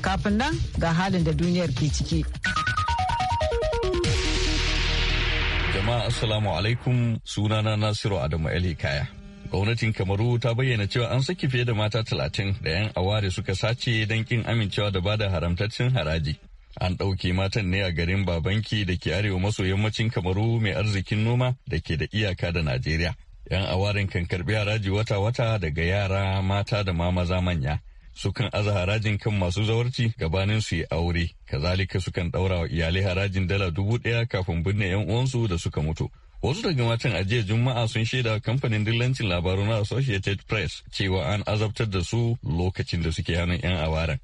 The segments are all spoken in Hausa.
Kafin nan ga halin da duniyar ke ciki. Jama'a Assalamu alaikum sunana Nasiru Adamu El Hikaya. Gwamnatin Kamaru ta bayyana cewa an saki fiye da mata talatin da 'yan aware suka sace don kin amincewa da bada haramtaccen haraji. An ɗauke matan ne a garin Babanki da ke arewa maso yammacin Kamaru mai arzikin noma da ke da iyaka da Najeriya. 'Yan awarin kan karɓi haraji wata-wata daga yara mata da ma maza manya. sukan aza harajin kan masu zawarci gabanin su yi aure kazalika sukan ɗaura wa iyalai harajin dala dubu ɗaya kafin binne yan uwansu da suka mutu wasu daga matan a jiya juma'a sun shaida kamfanin dillancin labaru na associated press cewa an azabtar da su lokacin da suke hannun yan awaran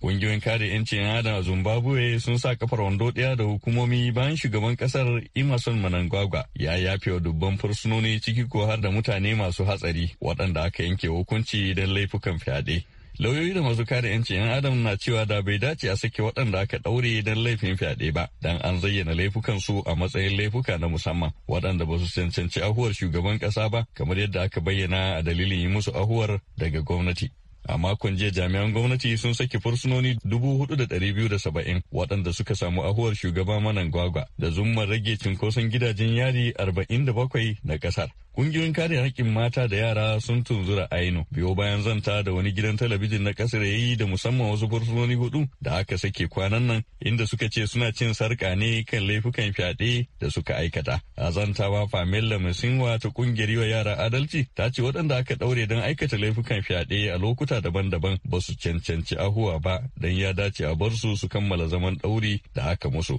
Ƙungiyoyin kare 'yancin adam a Zimbabwe sun sa kafar wando ɗaya da hukumomi bayan shugaban ƙasar Emerson Mnangagwa ya yafe wa dubban fursunoni ciki ko har da mutane masu hatsari waɗanda aka yanke hukunci don laifukan fyaɗe. lauyoyi da masu kare 'yancin 'yan adam na cewa da bai dace a sake waɗanda aka ɗaure don laifin fyaɗe ba don an zayyana laifukan su a matsayin laifuka na musamman waɗanda ba su cancanci ahuwar shugaban ƙasa ba kamar yadda aka bayyana a dalilin yi musu ahuwar daga gwamnati a makon jiya jami'an gwamnati sun saki fursunoni 4,270 waɗanda suka samu ahuwar shugaba manan gwagwa da zumman rage cinkoson gidajen yari 47 na ƙasar Ƙungiyoyin kare haƙƙin mata da yara sun tunzura aino biyo bayan zanta da wani gidan talabijin na ƙasar ya yi da musamman wasu fursunoni hudu da aka sake kwanan nan inda suka ce suna cin sarƙa ne kan laifukan fyaɗe da suka aikata. A zantawa Famila Masinwa ta ƙungiyar yiwa yara adalci ta ce waɗanda aka ɗaure don aikata laifukan fyaɗe a lokuta daban-daban ba su cancanci ahuwa ba don ya dace a bar su su kammala zaman ɗauri da aka musu.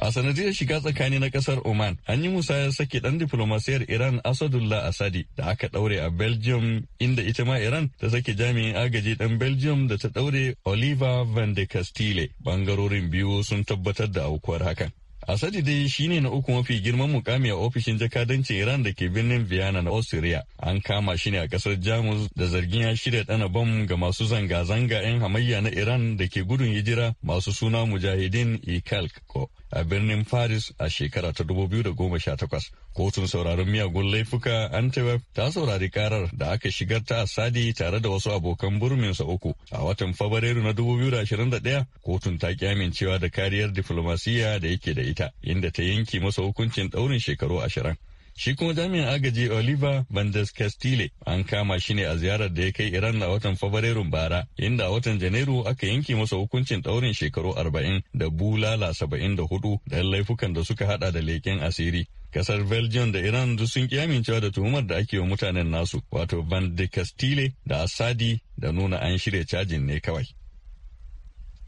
A sanadiyar shiga tsakani na kasar Oman, an yi musayar sake dan diplomasiyar Iran Asadullah Asadi da aka daure a Belgium inda ita ma Iran ta sake jami'in agaji dan Belgium da ta daure Oliver van de Castile. Bangarorin biyu sun tabbatar da aukuwar hakan. Asadi dai shine na uku mafi girman mukami a ofishin jakadancin Iran da ke birnin Vienna na Austria. An kama shi ne a kasar Jamus da zargin ya shirya dana bam ga masu zanga-zanga 'yan hamayya na Iran da ke gudun hijira masu suna Mujahidin Ikalko. a birnin Paris a shekara ta 2018. Kotun sauraron miyagun laifuka Antwerp ta saurari karar da aka shigar ta Sadi tare da wasu abokan burminsa uku. A watan Fabrairu na 2021, kotun ta ki amincewa da kariyar diflomasiyya da yake da ita, inda ta yanke masa hukuncin ɗaurin shekaru ashirin. Shi kuma jami'in agaji Oliver Bandes Castile an kama shi ne a ziyarar da ya kai Iran a watan Fabrairun bara, inda a watan Janairu aka yanke masa hukuncin ɗaurin shekaru arba'in da bulala saba'in da hudu da laifukan da suka hada da leken asiri. Kasar Belgium da Iran duk sun amincewa da tuhumar da ake wa mutanen nasu, wato Bande Castile da Asadi da nuna an shirya cajin ne kawai.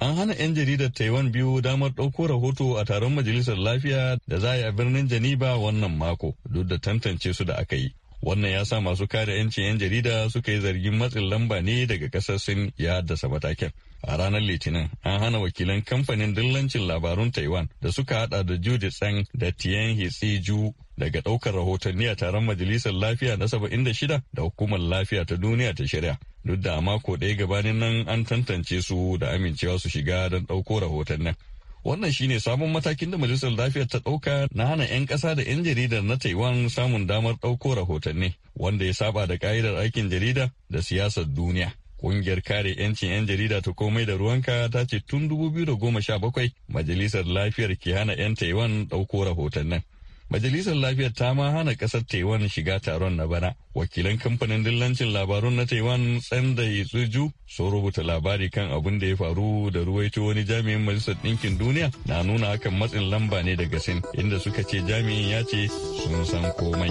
An hana 'yan jaridar Taiwan biyu damar ɗauko rahoto a taron Majalisar Lafiya da za a yi a birnin Janiba wannan mako duk da tantance su da aka yi. Wannan ya sa masu kare 'yancin 'yan jarida suka yi zargin matsin lamba ne daga kasar Sin ya haddasa matakin. A ranar Litinin, an hana wakilan kamfanin dillancin labarun Taiwan da suka hada da Judy Tsang da Tian Hitsi Ju daga daukar rahotanni a taron Majalisar Lafiya na 76 da Hukumar Lafiya ta Duniya ta shirya. Duk da mako ɗaya gabanin nan an tantance su da amincewa su shiga don ɗauko rahotannin. Wannan shine sabon matakin da Majalisar Lafiyar ta ɗauka na hana 'yan kasa da 'yan jaridar na Taiwan samun damar ɗauko rahotanni, wanda ya saba da ƙa'idar aikin jarida da siyasar duniya. Ƙungiyar kare 'yancin 'yan jarida ta komai da ruwanka ta ce tun 2017 Majalisar Lafiyar ke hana 'yan Taiwan ɗauko rahotannin. Majalisar Lafiyar ta ma hana kasar Taiwan shiga taron na bana. Wakilan kamfanin dillancin labarun na Taiwan Tsanda tsuju sun rubuta labari kan abin da ya faru da ruwaito wani jami'in Majalisar Ɗinkin Duniya na nuna hakan matsin lamba ne daga Sin inda suka ce jami'in ya ce sun san komai.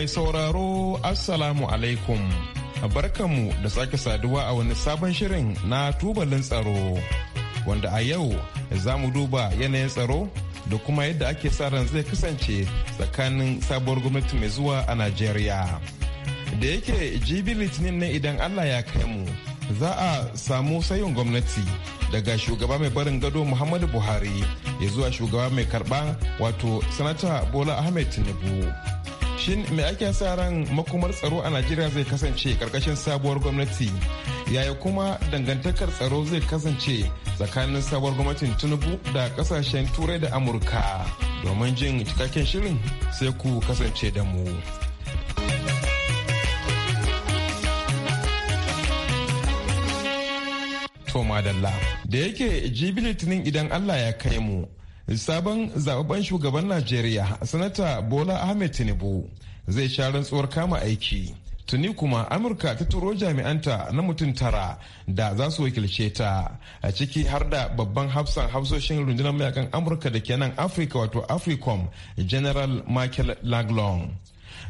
Mai sauraro Assalamu alaikum. Barkanmu da sake saduwa a wani sabon shirin na tubalin tsaro. Wanda a yau za mu duba yanayin tsaro da kuma yadda ake sa ran zai kasance tsakanin sabuwar gwamnati mai zuwa a Najeriya. Da yake jibi litinin ne idan Allah ya kai mu za a samu sayin gwamnati daga shugaba mai barin gado Muhammadu Buhari ya zuwa shugaba mai karba wato sanata Bola Ahmed Tinubu. shin me ake sa ran makomar tsaro a najeriya zai kasance karkashin sabuwar gwamnati yaya kuma dangantakar tsaro zai kasance tsakanin sabuwar gwamnatin tinubu da kasashen turai da amurka domin jin cikakken shirin sai ku kasance da mu Toma Dalla. Da yake jibi litinin idan Allah ya kai mu sabon zababben shugaban najeriya sanata bola ahmed tinubu zai sha rantsuwar kama aiki tuni kuma amurka ta turo jami'anta na mutum tara da za su wakilce ta a ciki har da babban hafsan hafsoshin rundunar mayakan amurka da ke nan afirka wato africom general michael laglong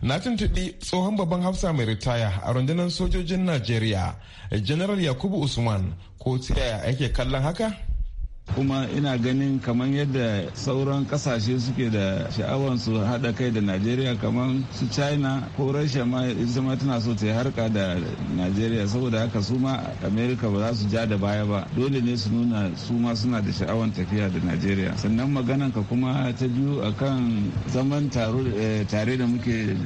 na tuntuɓi tsohon babban hafsa mai ritaya a rundunar sojojin najeriya general yakubu usman ko ta yaya ake kallon haka kuma ina ganin kamar yadda sauran kasashe suke da sha'awar su haɗa kai da najeriya kamar su china ko rasha ma ita ma tana so ta yi harka da najeriya saboda haka su ma america ba za su ja da baya ba dole ne su nuna su ma suna da sha'awar tafiya da najeriya sannan maganan ka kuma ta biyu akan zaman eh, tare da muke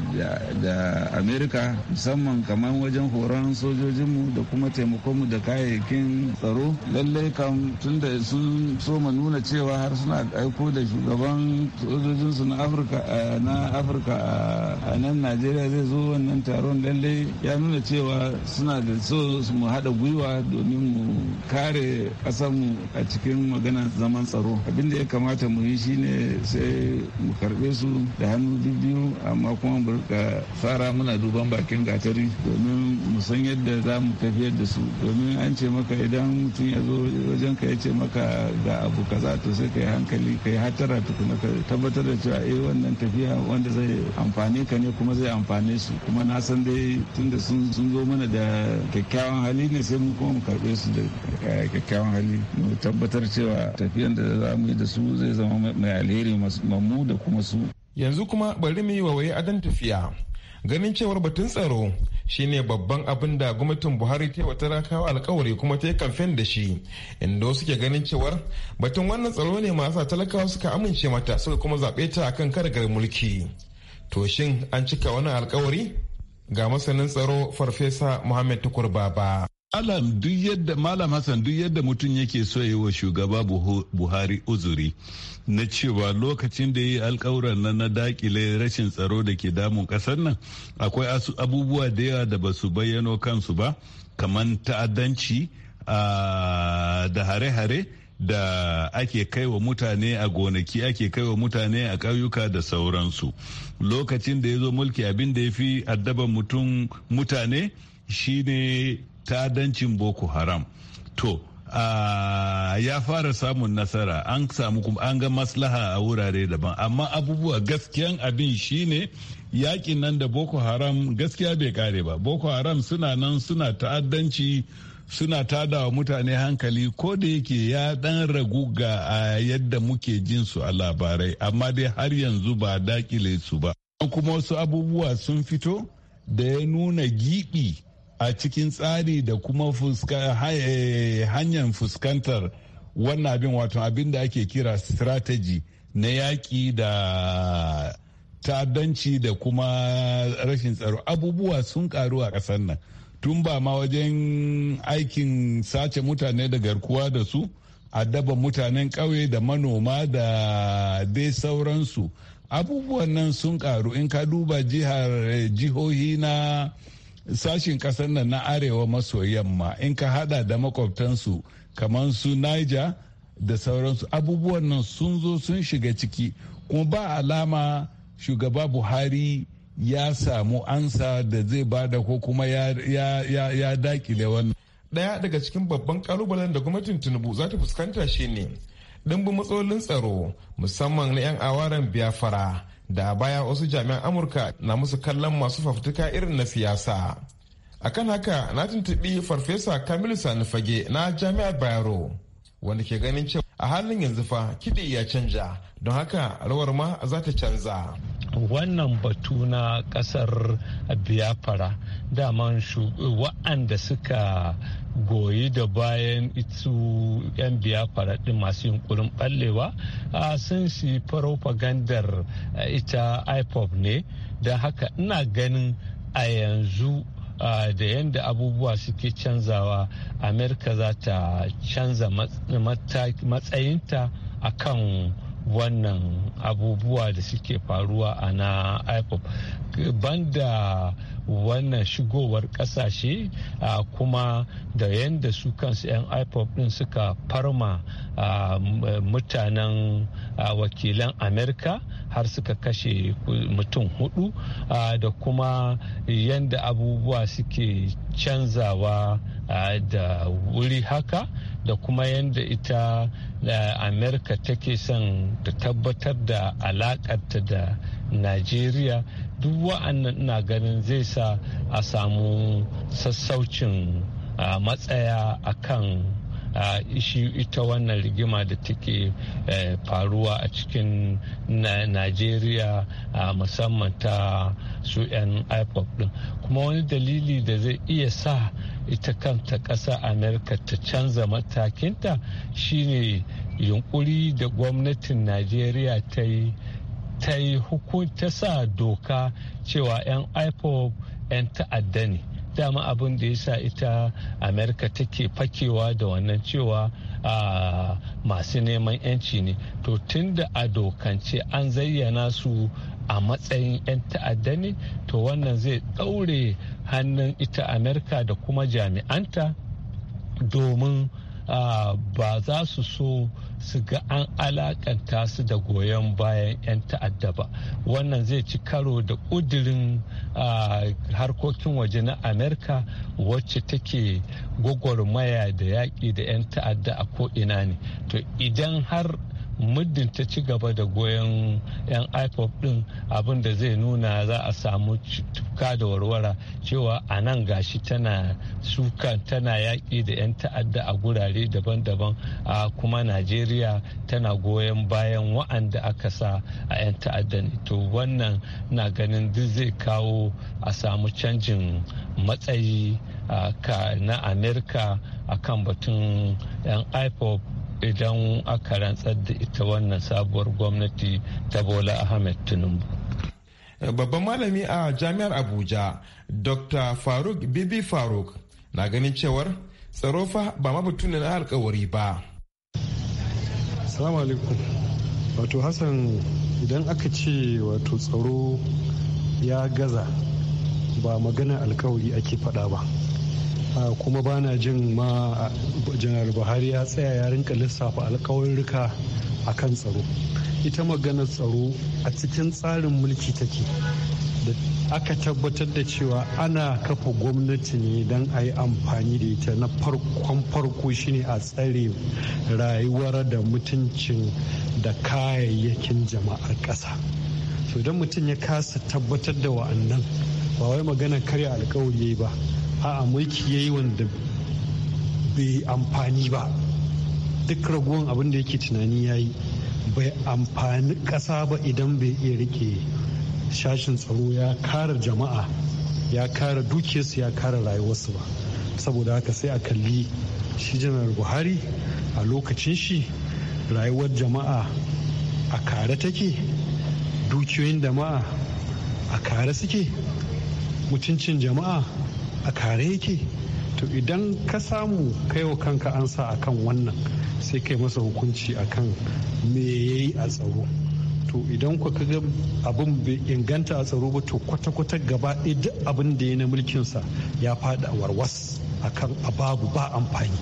da america musamman kamar wajen horon sojojinmu da kuma taimakonmu da kayayyakin tsaro lallai kam tun da su so ma nuna cewa har suna aiko da shugaban sojojinsu na afirka a nan najeriya zai zo wannan taron lallai ya nuna cewa suna da so mu haɗa gwiwa domin mu kare ƙasarmu a cikin magana zaman tsaro abin da ya kamata mu yi shine sai mu karɓe su da hannu biyu amma kuma mu rika fara muna duban bakin gatari domin mu san yadda za mu tafiyar da su domin an ce maka idan mutum ya zo wajen ka ya ce maka ga abu kaza to sai ka yi hankali ka yi hatara tukuna ka tabbatar da cewa eh wannan tafiya wanda zai amfane ka ne kuma zai amfane su kuma na san dai tunda sun zo mana da kyakkyawan hali ne sai mu kuma mu karɓe su da eh, kyakkyawan hali mu tabbatar cewa tafiyan da za mu yi da su zai zama mai alheri mu da kuma su yanzu kuma bari mu yi wa wai adan tafiya ganin cewar batun tsaro shine babban abin da gwamnatin buhari ta wata rakawa alkawari kuma ta yi kamfen da shi inda wasu ke ganin cewar batun wannan tsaro ne masu talakawa suka amince mata suka kuma zaɓe ta akan karagar mulki to shin an cika wani alkawari ga masanin tsaro farfesa muhammad tukur baba alam duk yadda malam hassan duk yadda mutum yake so ya yi wa shugaba buhari uzuri na cewa lokacin da ya yi alkawuran na dakile rashin tsaro da ke damun kasar nan akwai abubuwa da yawa da ba su bayyano kansu ba kamar ta'addanci da hare-hare da ake kai wa mutane a gonaki ake kai wa mutane a ƙauyuka da sauransu lokacin da ya zo mulki abin da ya fi addaban mutane shine ta'addancin boko haram to ya fara samun nasara an samu kuma an ga maslaha a wurare daban amma abubuwa gaskiyan abin shine yakin nan da boko haram gaskiya bai kare ba boko haram suna nan suna ta'addanci suna tada wa mutane hankali ko da yake ya dan ragu ga a yadda muke jin su a labarai amma dai har yanzu ba dakile su ba kuma wasu abubuwa sun fito da ya nuna giɓi a cikin tsari da kuma eh, hanyar fuskantar wannan abin wato abin da ake kira strategy na yaƙi da ta'addanci da kuma rashin tsaro abubuwa sun karu a ƙasar nan tun ba ma wajen aikin sace mutane da garkuwa da su a daba mutanen ƙauye da manoma da dai sauransu abubuwan nan sun karu in ka duba jihar eh, jihohi na sashen kasar nan na arewa maso yamma in ka hada da makwabtansu kamar su niger da sauransu abubuwan nan sun zo sun shiga ciki kuma ba alama shugaba buhari ya samu ansa da zai bada ko kuma ya dakile wannan daya daga cikin babban kalubalen da gwamnatin tinubu za ta fuskanta shine dimbin matsalolin tsaro musamman na 'yan awaran biafra da baya wasu jami'an amurka na musu kallon masu fafutuka irin na siyasa akan haka na tuntubi farfesa kamilu fage na jami'ar bayero wanda ke ganin cewa a halin yanzu fa kiɗi ya canja don haka rawar ma za ta canza wannan batu na ƙasar biafra daman wa'anda suka goyi da bayan itu 'yan biyafara ɗin masu yunkurin ballewa sun si farofagandar ita ipop ne don haka ina ganin a yanzu da yadda abubuwa suke canzawa amerika za ta canza matsayinta a kan wannan abubuwa da suke faruwa a na ipop banda wannan shigowar kasashe kuma da yadda su kansu 'yan ipop din suka farma a mutanen wakilan amerika har suka kashe mutum hudu da kuma yadda abubuwa suke canzawa da wuri haka da kuma yadda ita da amerika take son ta tabbatar da alakarta da najeriya duk wa'annan ina ganin zai sa a samu sassaucin matsaya a kan ita wannan rigima da take eh, faruwa a cikin najeriya musamman ta su 'yan ipop din kuma wani dalili da zai iya sa ita kanta ƙasa amerika ta canza matakinta shine yunkuri da gwamnatin najeriya ta yi ta yi hukunta sa doka cewa 'yan ipob 'yan ta'adda ne dama abin da ya sa ita amerika take fakewa da wannan cewa masu neman 'yanci ne to tun da a dokance an zayyana su a matsayin 'yan ta'adda ne to wannan zai ɗaure hannun ita amerika da kuma jami'anta domin ba za su so su ga an alakanta su da goyon bayan 'yan ta'adda ba wannan zai ci karo da ƙudirin harkokin waje na amerika wacce take gwagwarmaya da yaƙi da 'yan ta'adda a ko'ina ne to idan har muddin ta ci gaba da goyon 'yan ipop din abin da zai nuna za a samu tuka da warwara cewa a nan gashi tana suka tana yaƙi da 'yan ta'adda a gurare daban-daban a kuma najeriya tana goyon bayan wa'anda aka sa a 'yan ta'adda ne to wannan na ganin duk zai kawo a samu canjin matsayi na amerika akan batun 'yan ipop idan aka rantsar da ita wannan sabuwar gwamnati ta bola ahmed tinubu babban malami a jami'ar abuja dr faruk bibi faruk na ganin cewar tsarofa ba mabutu na alkawari ba salamu alaikum wato hassan idan aka ce wato tsaro ya gaza ba magana alkawari ake faɗa ba kuma ba na jin ma janar buhari ya tsaya ya rinka lissafa alkawarurruka a kan tsaro ita maganar tsaro a cikin tsarin mulki take da aka tabbatar da cewa ana kafa gwamnati ne don a yi amfani da ita na farkon farko shine a tsare rayuwar da mutuncin da kayayyakin jama'ar ƙasa to idan mutum ya kasa tabbatar da wa'annan ba wai magana karya alkawari ba a'a mulki ya yi wanda bai amfani ba duk raguwan abin da yake tunani ya yi bai amfani ƙasa ba idan bai iya rike shashin tsaro ya kara jama'a ya kara dukiyarsu ya kara rayuwarsu ba saboda haka sai a kalli shi janar buhari a lokacin shi rayuwar jama'a a kare take dukiyoyin jama'a a kare suke mutuncin jama'a a kare yake to idan ka samu kaiwa kanka an sa a kan wannan sai kai masa hukunci a kan me ya yi a tsaro to idan ku kaga abin bai inganta a tsaro ba to kwata-kwata gaba ɗaya duk abin da ya na mulkinsa ya fada warwas a kan ababu ba amfani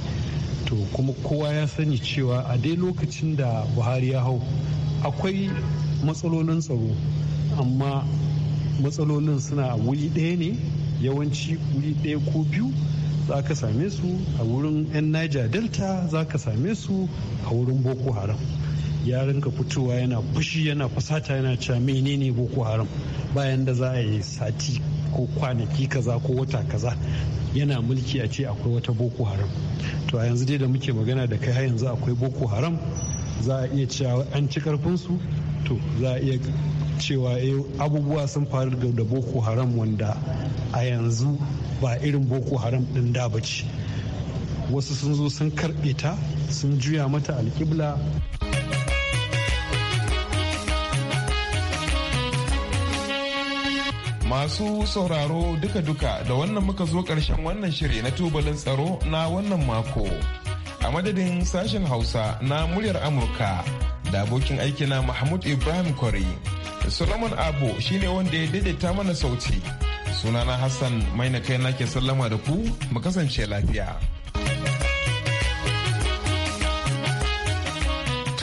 to kuma kowa ya sani cewa a dai lokacin da buhari ya hau akwai matsalolin tsaro amma matsalolin suna wuri ɗaya ne yawanci wuri ɗaya ko biyu za ka same su a wurin 'yan niger delta za ka same su a wurin boko haram yaran ka fitowa yana fushi yana fasata yana cewa menene boko haram bayan da za a yi sati ko kwanaki kaza ko wata kaza yana mulki a ce akwai wata boko haram to a yanzu dai da muke magana da kai har yanzu akwai boko haram za a iya cewa an ci karfinsu to za a iya cewa eh, abubuwa sun faru da boko haram wanda a yanzu ba irin boko haram din da ba ce wasu sun zo sun karɓe ta sun juya mata alƙibla Masu sauraro duka-duka da wannan muka zo ƙarshen wannan shiri na tubalin tsaro na wannan mako. A madadin sashen Hausa na muryar Amurka da abokin aikina Mahmud Ibrahim Kwari solomon abu shine wanda ya daidaita mana sauti sunana hassan mai na kai nake sallama da ku mu kasance lafiya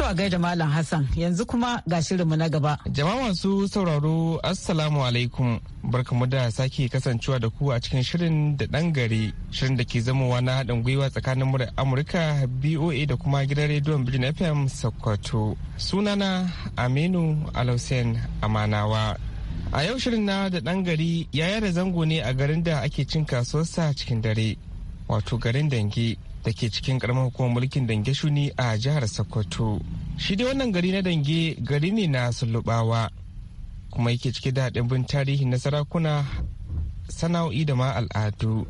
a gaida Malam Hassan yanzu kuma ga shirinmu na gaba. Jama'a masu sauraro Assalamu alaikum barkamu da sake kasancewa da ku a cikin shirin da ɗan gari shirin da ke zamowa na haɗin gwiwa tsakanin mura Amurka BOA da kuma gidan rediyon Birnin FM Sokoto. Sunana Aminu Alhussein Amanawa. A yau shirin na da ɗan gari yaya da zango ne a garin da ake cin kasuwarsa cikin dare wato garin Dange. da ke cikin karamar hukumar mulkin dange shuni a jihar sokoto shi dai wannan gari na dange gari ne na sulubawa kuma yake cike da ɗimbin tarihi na sarakuna sana'o'i da ma al'adu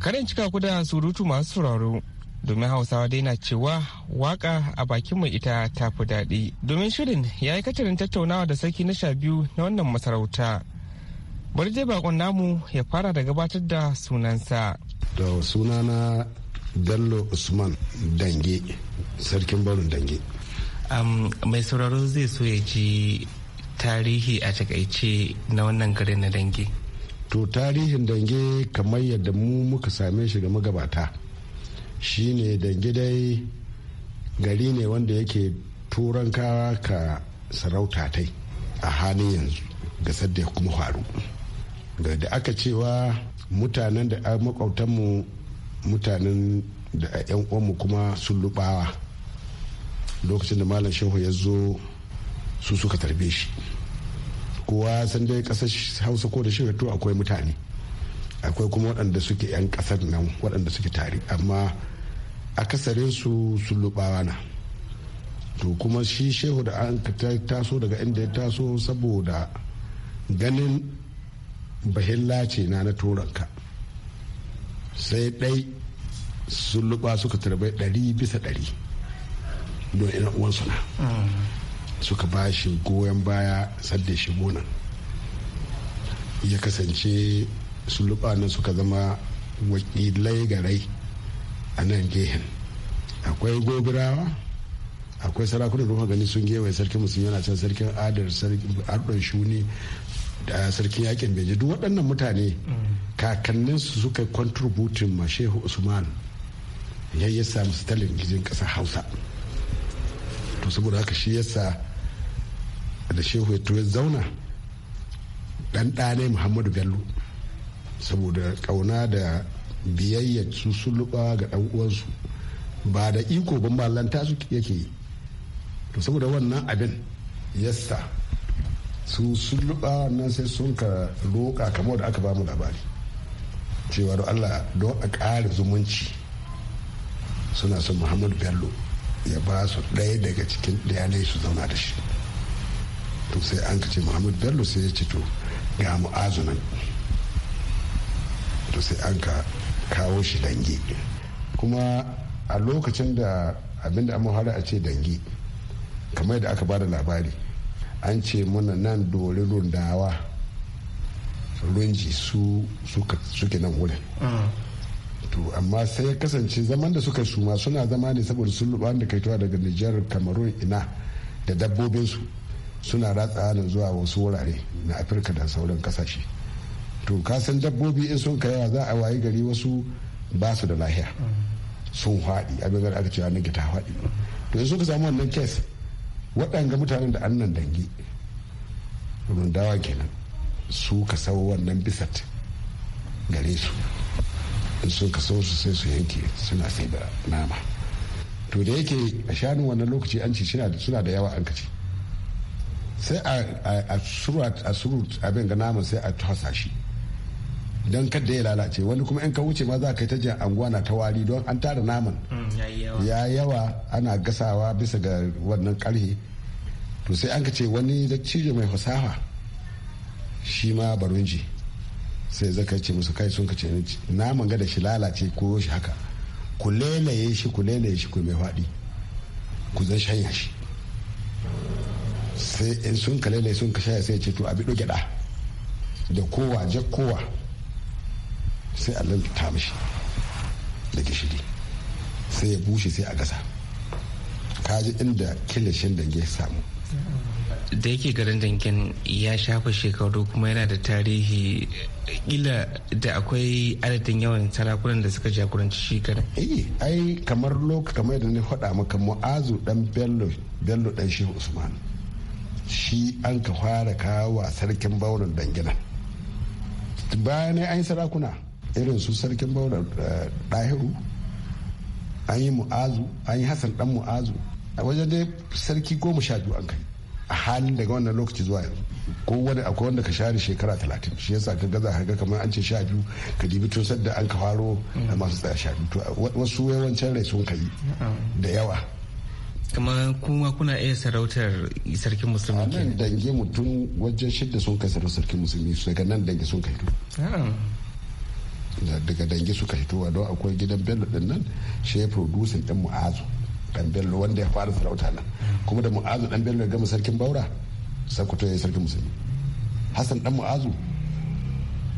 karin cika ku da surutu masu sauraro domin hausawa dai na cewa waka a bakin mai ita ta fi daɗi domin shirin ya yi katarin tattaunawa da sarki na sha biyu na wannan masarauta bari dai bakon namu ya fara da gabatar da sunansa da sunana bello usman dange sarkin barin dange mai sauraro zai so ya ji tarihi a takaice na wannan gari na dange to tarihin dange kamar yadda mu muka same shi ga magabata shine dange dai gari ne wanda yake turan kawa ka sarauta tai a halin yanzu ga sadda kuma faru ga da aka cewa mutanen da mu. mutanen da 'yan uwanmu kuma sun lubawa lokacin da malam shehu ya zo su suka tarbe shi kowa san dai kasar hausa ko da shirya akwai mutane akwai kuma waɗanda suke 'yan ƙasar nan waɗanda suke tare amma akasarin su sun lubawa na to kuma shi shehu da an taso daga inda ya taso saboda ganin bahilla ce na na turanka sai ɗai sun suka tarbai ɗari bisa ɗari don ina uwansu na suka ba shi goyon baya sadda shi gona ya kasance sun luba nan suka zama wakilai garai a nan gehen akwai gobirawa akwai sarakunan ruwa gani sun gewaye sarkin musulmi yana can sarkin adar sarkin shuni da sarkin yakin beji duk waɗannan mutane mm. kakannin su suka contributin ma shehu usman ya yi yasa musu talabijin ƙasar hausa to saboda haka shi yasa da shehu ya zauna dan ɗane muhammadu bello saboda ƙauna da biyayyar su sulluɓa ga ɗan uwansu ba da iko ban ballanta su yake yi to saboda wannan abin yasa su sulluɓa nan sai sun ka roƙa kamar da aka ba mu labari cewa don allah don a ƙara zumunci suna son muhammadu bello ya ba su ɗaya daga cikin ɗayanai su zauna da shi to sai an ka ce muhammadu bello sai ya ce to ga mu'azu nan to sai an ka kawo shi dange kuma a lokacin da abinda an muhara a ce dange kamar da aka ba da labari an ce muna nan dori rundawa runji su suke nan wurin mm. to amma sai ya kasance zaman da suka suma suna zama ne saboda sun luba da kaitowa daga nijar cameroon ina da dabbobinsu suna ratsa nan zuwa wasu wurare na afirka da sauran kasashe to kasan dabbobi in sun yawa za a wayi gari wasu ba su da lahiya sun haɗi abin da aka cewa nake ta haɗi to in suka samu wannan kes waɗanga mutanen da annan dangi rundawa kenan su ka sau wannan bisat gare su in sun kaso su sai su yanke suna sai da nama to da yake a shanu wannan lokaci an ci suna da yawa an kaci sai a surut abin ga nama sai a tasa shi don kadda ya lalace wani kuma in ka wuce ma za ka yi ta jan anguwa na ta wari don an tara naman mm, ya yawa ana gasawa bisa ga wannan karhe to sai an ka ce wani dattijo mai fasaha shi ma barunji sai zaka ce musu kai sun ka ce naman ga da shi lalace ko shi haka ku lelaye shi ku lelaye shi ku mai faɗi ku zan shanya shi sai in sun ka lelaye sun ka shanya sai ce to abi ɗoge da da kowa je kowa sai a ta mishi da gishiri sai ya bushe sai a gasa kaji inda kilishin dange ya samu da yake garin dangin ya shafa shekaru kuma yana da tarihi kila da akwai adadin yawan sarakunan da suka jagoranci shi kadan. Eh, ai kamar lokaci kamar da ne faɗa maka mu'azu dan Bello, Bello dan Shehu Usman. Shi an ka fara kawo sarkin bauran dangina. Bayan an yi sarakuna irin su sarkin bauran ɗahiru, eh, an yi mu'azu, an yi Hassan dan mu'azu. A wajen dai sarki goma sha biyu an kai. a halin daga wannan lokaci zuwa yanzu ko wani akwai wanda ka share shekara talatin shi yasa ka gaza harga kamar an ce sha biyu ka dibi tun sadda an ka faro mm. da masu tsaya sha biyu wasu yawancin rai sun kai da yawa kuma kuma kuna iya sarautar sarkin musulmi ke nan dange mutum wajen shidda sun kai sarautar sarkin musulmi su daga nan dange sun kai ah. daga dange suka hitowa don akwai gidan bello din nan shi ya producing din mu'azu dan bello wanda ya fara sarauta nan kuma da mu'azu dan bello ya gama sarkin baura sakuto ya yi sarkin musulmi hassan dan mu'azu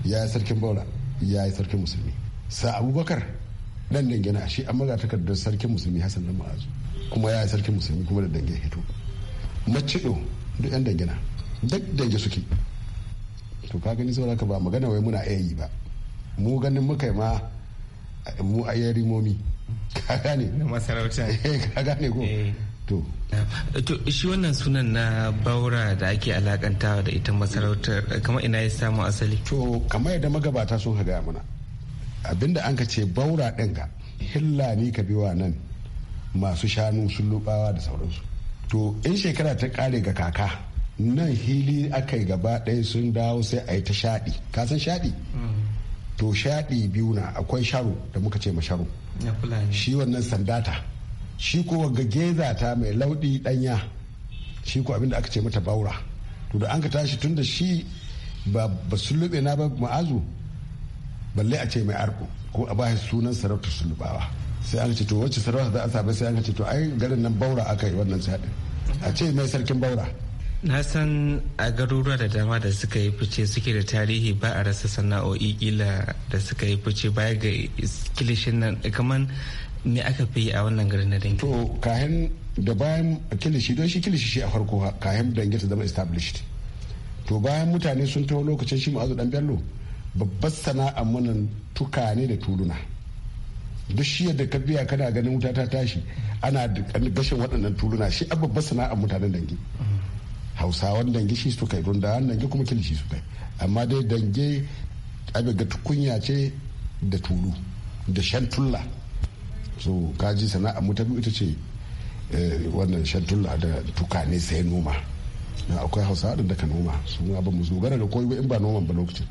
ya yi sarkin baura ya yi sarkin musulmi sa abubakar dan dangana shi an maga takardar sarkin musulmi hassan dan mu'azu kuma ya yi sarkin musulmi kuma da dange hito macido duk yan dangana duk dange suke to ka gani saboda ka ba magana wai muna iya yi ba mu ganin muka ma mu ayyari momi ka na masarautar eh, ko eh. to shi wannan sunan na baura da ake alakantawa da ita masarautar kamar ina ya samu asali to kamar yadda magabata sun haga mana abinda an ka ce baura ɗin ga ka biwa nan masu shanu sun lubawa da sauransu to in shekara ta kare ga kaka nan hili aka yi gaba ɗaya sun dawo sai a yi ta shaɗi ka san shaɗi mm. to shaɗi biyu na akwai sharo da muka ce ma sharo shi wannan sandata shi ko ga geza ta mai lauɗi ɗanya shi ko abinda aka ce mata baura to da an ka tashi tun da shi ba sulluɓe na ba ma'azu balle a ce mai arko ko a bashi sunan sarautar sulubawa. sai an ce to wacce sarauta za a sabai sai an ce to ai garin nan baura aka yi wannan shaɗin a ce mai sarkin baura na san a garuruwa da dama da suka yi fice suke da tarihi ba a rasa sana'o'i kila da suka yi fice baya ga kilishin nan kamar me aka fi a wannan garin na dangi to kayan da bayan kilishi don shi kilishi shi a farko kayan dangi ta zama established to bayan mutane sun taho lokacin shi ma'azu dan bello babbar sana'a munan tukane da tuluna duk shi yadda ka biya kana ganin wuta ta tashi ana gashin waɗannan tuluna shi a babbar sana'a mutanen dangi hausawan dange shi suka yi rundawan dange kuma kilishi su kai amma dai dange abin ga tukunya ce da tulu da shantulla so kaji sana'a mu ta biyu ita ce eh, wannan shantulla da tukane sai noma na akwai hausawa da ka noma su ma ba mu zogara da koyi ba in ba noman ba lokacin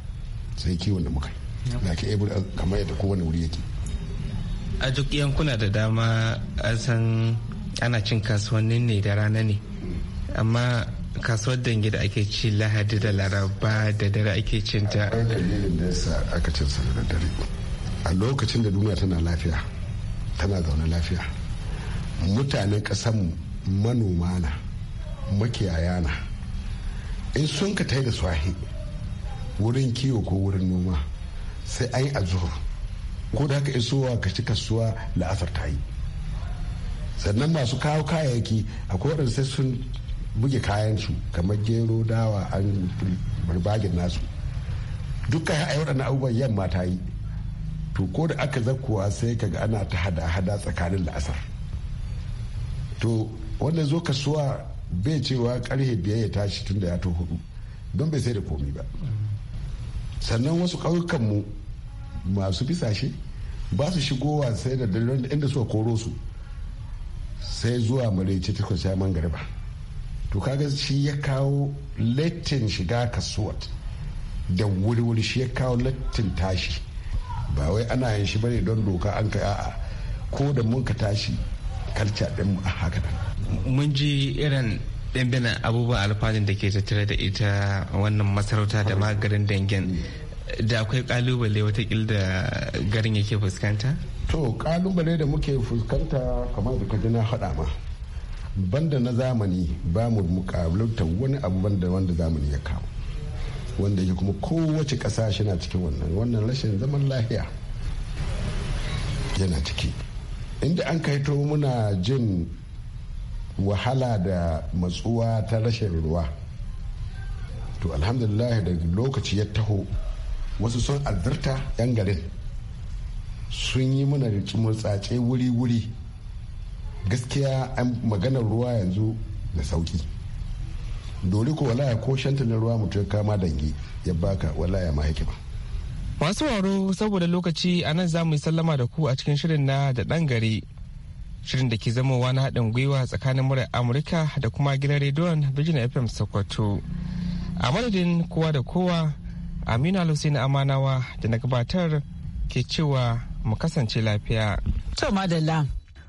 sai kiwon da muka yi na kamar yadda kowane wuri yake a duk yankuna da dama an san ana cin kasuwannin ne da rana ne amma kasuwar dangi da ake ci lahadi da laraba da dare ake cinta a dalilin da yasa aka cin sa da dare a lokacin da duniya tana lafiya tana zaune lafiya mutanen kasan manoma na makiyaya na in sun ka tai da swahi wurin kiwo ko wurin noma sai an a azuhur ko da haka isowa ka ci kasuwa la'asar ta yi sannan masu kawo kayayyaki a waɗanda sai sun buge kayansu kamar gero dawa an burbagin nasu ya ai waɗannan abubuwan yamma ta yi to ko da aka zakuwa sai ka ga ana ta hada-hada tsakanin la'asar to wanda zo kasuwa bai cewa karhe biyar ya tashi tun da ya to hudu don bai sai da komi ba sannan wasu ƙauyukanmu masu bisashe ba su shigowa sai da inda suka koro su sai zuwa maraice ta kwanciya gariba to kaga shi ya kawo latin shiga kasuwar da wuri-wuri shi ya kawo latin tashi ba wai ana yin shi bane don doka an kai a'a ko da mun ka tashi kalca din mu a haka mun ji irin ɗanbina abubuwan alfanun da ke tattare da ita wannan masarauta da maganin dangin da akwai kalubale wata da garin yake fuskanta to kalubale da muke fuskanta kamar da na haɗa ma banda na zamani ba mu mukabalta wani abu banda wanda zamani ya kawo wanda yake kuma kowace ƙasa shi na cikin wannan wannan rashin zaman lahiya yana ciki inda an kai to muna jin wahala da matsuwa ta rashin ruwa to alhamdulillah da lokaci ya taho wasu sun azurta 'yan garin sun yi mana tsace wuri-wuri gaskiya an maganar ruwa yanzu da sauki dole ko walaya ko shanta na ruwa mutum ya kama dangi ya baka walaya ma ba. masu waro saboda lokaci a nan za mu yi sallama da ku a cikin shirin na da ɗan gari shirin da ke zamowa na haɗin gwiwa tsakanin murar amurka da kuma gidan rediyon virgin fm sokoto a madadin kowa da kowa amina na amanawa da na gabatar ke cewa mu kasance lafiya to madalla